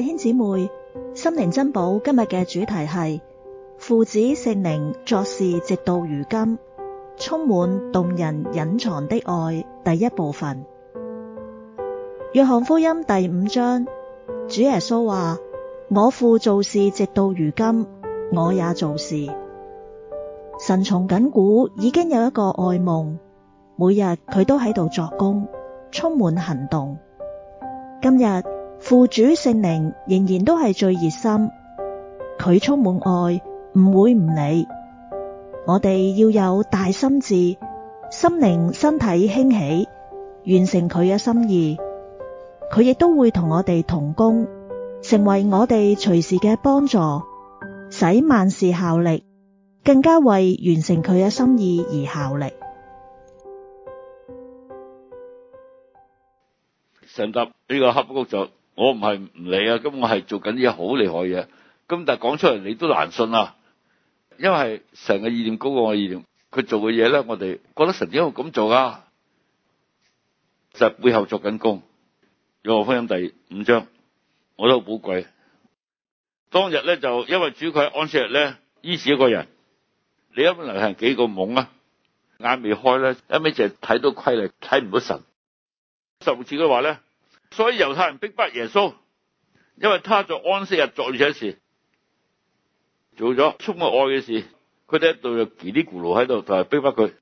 弟兄姊妹，心靈珍寶今日嘅主題係父子聖靈作事，直到如今，充滿動人隱藏的愛。第一部分，約翰福音第五章，主耶穌話：我父做事，直到如今，我也做事。神從緊古已經有一個愛夢，每日佢都喺度作工，充滿行動。今日。父主聖靈仍然都係最熱心，佢充滿愛，唔會唔理。我哋要有大心智，心靈、身體興起，完成佢嘅心意。佢亦都會同我哋同工，成為我哋隨時嘅幫助，使萬事效力，更加為完成佢嘅心意而效力。上集呢個黑谷就。我唔係唔理啊，咁我係做緊啲好厲害嘢，咁但係講出嚟你都難信啊，因為成個意念高過我意念，佢做嘅嘢咧，我哋覺得神點解要咁做噶？就係背後作緊工，約翰福音第五章，我都好寶貴。當日咧就因為主佢喺安息日咧醫治一個人，你一般流行幾個懵啊？眼未開咧，一味就睇到規律睇唔到神。甚至佢話咧。所以猶太人逼迫耶穌，因為他在安息日作了這事，做咗觸目愛嘅事。佢哋喺度嘰哩咕嚕，喺度就係逼迫佢。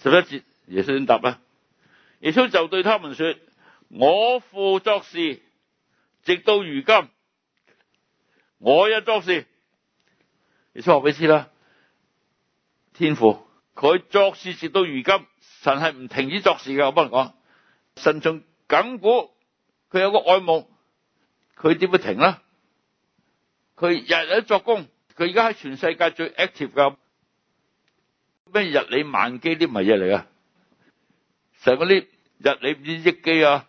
十一節耶穌點答啊？耶穌就對他們說：我父作事，直到如今，我也作事。耶穌學俾你知啦，天父佢作事直到如今，神係唔停止作事嘅。我幫人講神仲。港股佢有個愛慕，佢點會停啦？佢日日作工，佢而家喺全世界最 active 噶。咩日理萬機啲唔係嘢嚟噶？成嗰啲日理億機啊！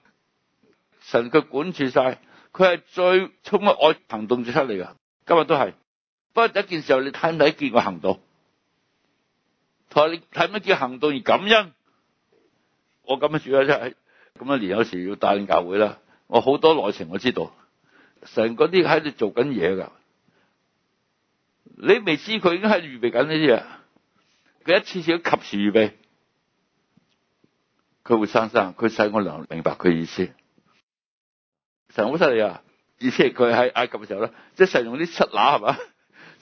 神佢管住晒，佢係最充滿愛行動就出嚟噶。今日都係，不過第一件事，候你睇唔睇見個行動？佢話你睇乜見行動而感恩？我咁樣住啊，真係。咁多年，有時要帶領教會啦。我好多內情我知道，成嗰啲喺度做緊嘢噶。你未知佢已經係預備緊呢啲嘢，佢一次次都及時預備，佢會生生。佢使我能明白佢意思。神好犀利啊！而且佢喺埃及嘅時候咧，即係神用啲蝨乸係嘛，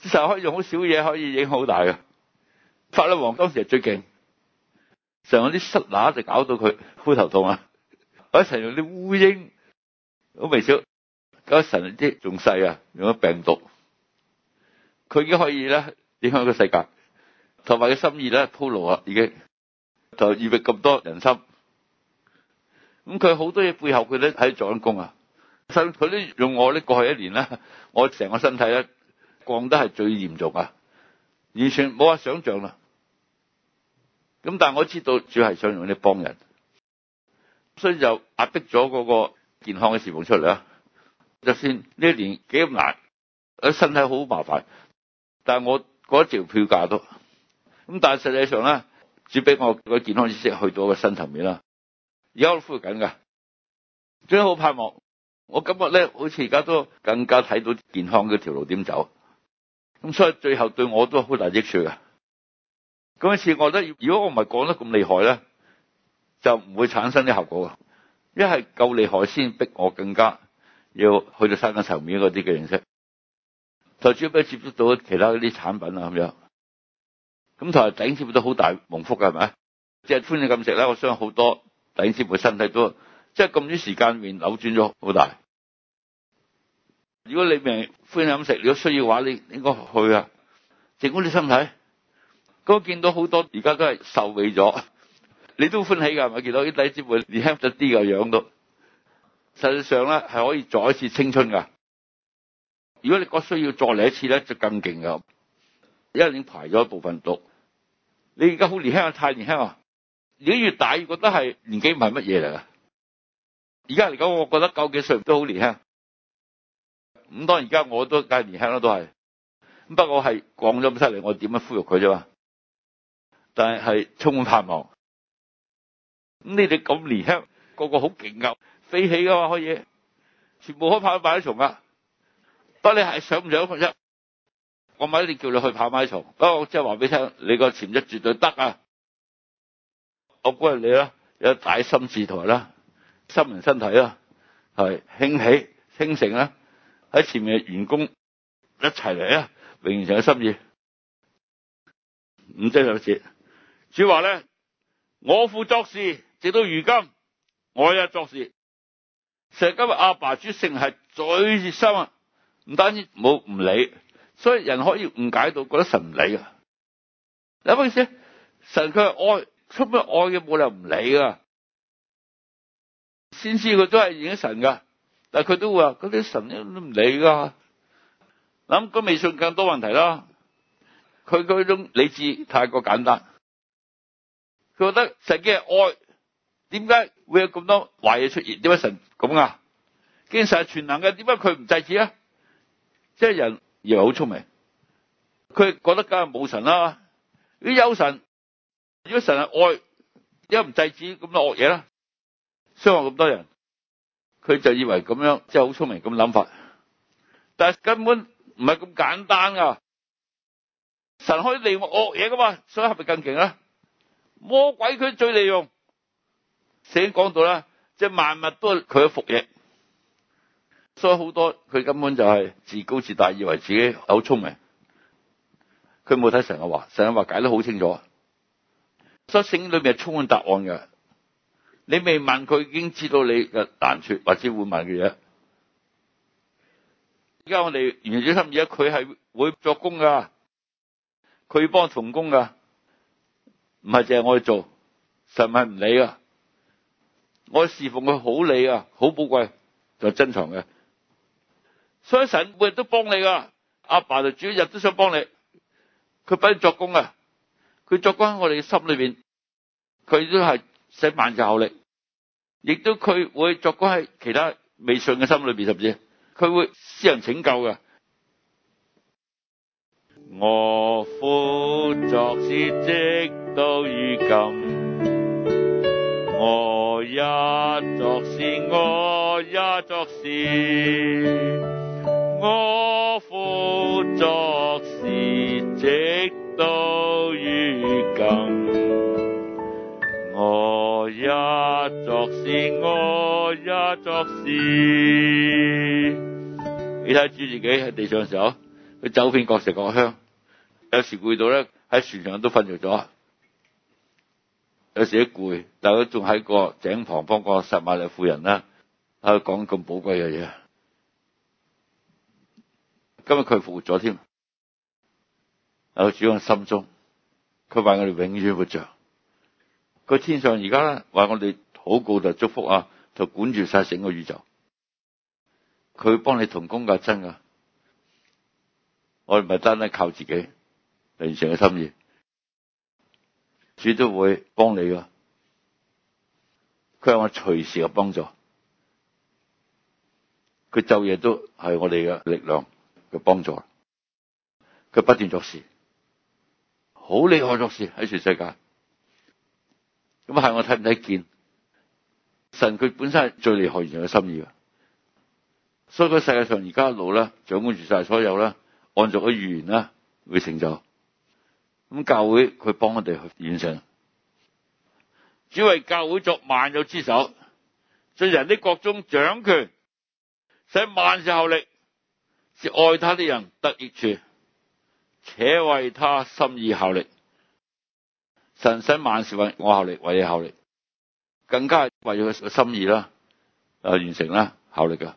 神可以用好少嘢可以影響好大㗎。法老王當時係最勁，神嗰啲蝨乸就搞到佢灰頭痛啊！一神用啲烏蠅好微小，我神啲仲細啊，用咗病毒，佢已經可以咧影響個世界，同埋嘅心意咧鋪路啊，已經就預備咁多人心。咁佢好多嘢背後佢都喺做緊工啊，身佢都用我呢過去一年呢，我成個身體咧降得係最嚴重啊，完全冇法想象啦。咁但係我知道，主要係想用呢幫人。所以就壓迫咗嗰個健康嘅事務出嚟啦。就算呢一年幾咁難，喺身體好麻煩，但係我嗰條票價都咁。但係實際上咧，只俾我個健康意識去到一個新層面啦。而家都恢復緊㗎，所以好盼望。我感覺咧，好似而家都更加睇到健康嗰條路點走。咁所以最後對我都好大益處㗎。咁一次，我覺得如果我唔係講得咁厲害咧，就唔會產生啲效果㗎，一係夠利海鮮逼我更加要去到山級層面嗰啲嘅形式，就主要畀接觸到其他嗰啲產品啊咁樣，咁同埋頂師傅都好大蒙福㗎，係咪？即係歡喜咁食呢，我相信好多頂師傅身體都即係咁啲時間面扭轉咗好大。如果你唔係歡喜咁食，如果需要嘅話，你應該去啊，整管你身體。咁我見到好多而家都係瘦尾咗。你都歡喜㗎，係咪見到啲弟子會年輕咗啲嘅樣都？實際上咧係可以再一次青春㗎。如果你覺得需要再嚟一次咧，就更勁㗎。一年排咗一部分毒，你而家好年輕啊！太年輕啊！而家越大越覺得係年紀唔係乜嘢嚟㗎。而家嚟講，我覺得九幾歲都好年輕。咁當然而家我都計年輕啦，都係。不過係講咗咁犀利，我點樣呼喚佢啫嘛？但係係充滿盼望。咁你哋咁年輕，個個好勁牛，飛起噶嘛可以，全部可以跑馬拉松啊！你想不你係想唔想？我一我咪一定叫你去跑馬拉松，不過即係話俾你聽，你個潛質絕對得啊！我鼓勵你啦，有大心志台啦，心靈身體啦，係興起、興盛啦，喺前面嘅員工一齊嚟啊！永成個心意，五章有節。主話咧，我父作事，直到如今，我也作事，成日今日阿爸主聖係最熱心啊！唔單止冇唔理，所以人可以誤解到覺得神唔理啊。你諗下意思，神佢係愛，充滿愛嘅，冇理由唔理噶。先知佢都係認咗神噶，但係佢都會話嗰啲神都唔理噶。諗個未信更多問題啦，佢嗰種理智太過簡單，佢覺得神係愛。點解會有咁多壞嘢出現？點解神咁噶？既然神係全能嘅，點解佢唔制止啊？即係人以為好聰明，佢覺得梗係冇神啦。啲有神，如果神係愛，點解唔制止咁多惡嘢啦，傷害咁多人，佢就以為咁樣即係好聰明咁諗法。但係根本唔係咁簡單噶。神可以利用惡嘢噶嘛？所以係咪更勁呀？魔鬼佢最利用。聖經講到啦，即係萬物都係佢嘅服役。所以好多佢根本就係自高自大，以為自己好聰明。佢冇睇神嘅話，神嘅話解得好清楚，所以聖經裏面係充滿答案嘅。你未問佢，已經知道你嘅難處，或者會問嘅嘢。而家我哋完全相信而家佢係會作工噶，佢幫同工噶，唔係淨係我去做，神係唔理㗎。我侍奉佢好理啊，好寶貴就是珍藏嘅。所以神每日都幫你噶，阿爸就主一日都想幫你。佢不只作工啊，佢作工喺我哋嘅心裏邊，佢都係使萬事效力，亦都佢會作工喺其他未信嘅心裏邊，甚至佢會私人拯救嘅。我父作事，直到如今。我也作事，我也作事，我父作事直到如今。我也作事，我也作事。你睇下主自己喺地上嘅時候，佢走遍各城各鄉，有時攰到咧，喺船上都瞓着咗。有時一攰，但佢仲喺個井旁幫個撒馬利亞婦人啦，喺度講咁寶貴嘅嘢。今日佢復活咗添，喺主嘅心中，佢話我哋永遠活着。佢天上而家咧話我哋禱告就祝福啊，就管住晒整個宇宙。佢幫你同工噶真呀。我哋唔係單單靠自己嚟完成嘅心意。主都會幫你噶，佢係我隨時嘅幫助，佢晝夜都係我哋嘅力量嘅幫助，佢不斷作事，好厲害作事喺全世界，咁係我睇唔睇見神？佢本身係最厲害，完成嘅心意，所以佢世界上而家一路咧掌管住晒所有啦，按照佢預言啦會成就。咁教會佢幫我哋去完成，主為教會作萬有之首，盡人的國中掌權，使萬事效力，是愛他的人得益處，且為他心意效力，神使萬事為我效力，為你效力，更加係為咗佢嘅心意啦，誒完成啦，效力噶。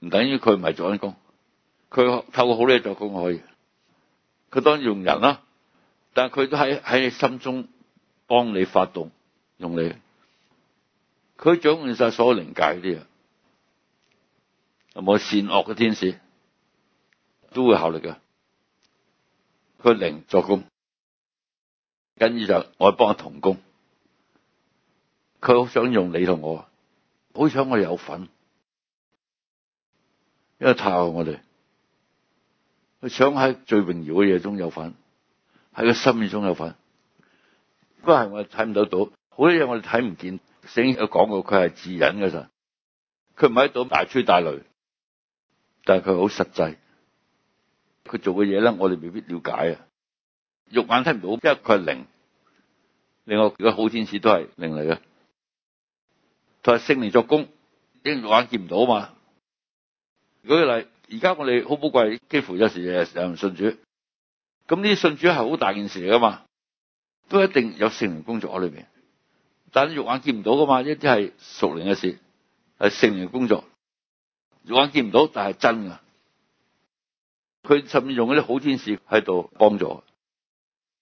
唔等於佢唔係做緊工，佢透過好嘅嘢，做工可以，佢當然用人啦，但係佢都喺你心中幫你發動，用你，佢掌握晒所有靈界啲嘢，有冇善惡嘅天使都會考慮㗎。佢靈做工，跟住就我幫佢同工，佢好想用你同我，好想我有份。因為透過我哋，佢想喺最榮耀嘅嘢中有份，喺個心意中有份。是我們看不過係我哋睇唔到到，好多嘢我哋睇唔見。聖經有講過佢係自隱嘅咋，佢唔係喺度大吹大擂，但係佢好實際。佢做嘅嘢咧，我哋未必了解啊。肉眼睇唔到，因為佢係靈。另外個好天使都係靈嚟嘅，佢係聖靈作工，啲肉眼見唔到啊嘛。舉個例，而家我哋好寶貴，幾乎有時日日信主，咁呢啲信主係好大件事嚟噶嘛，都一定有聖靈工作喺裏邊，但係肉眼見唔到噶嘛，一啲係屬靈嘅事，係聖靈嘅工作，肉眼見唔到，但係真嘅，佢甚至用啲好天使喺度幫助。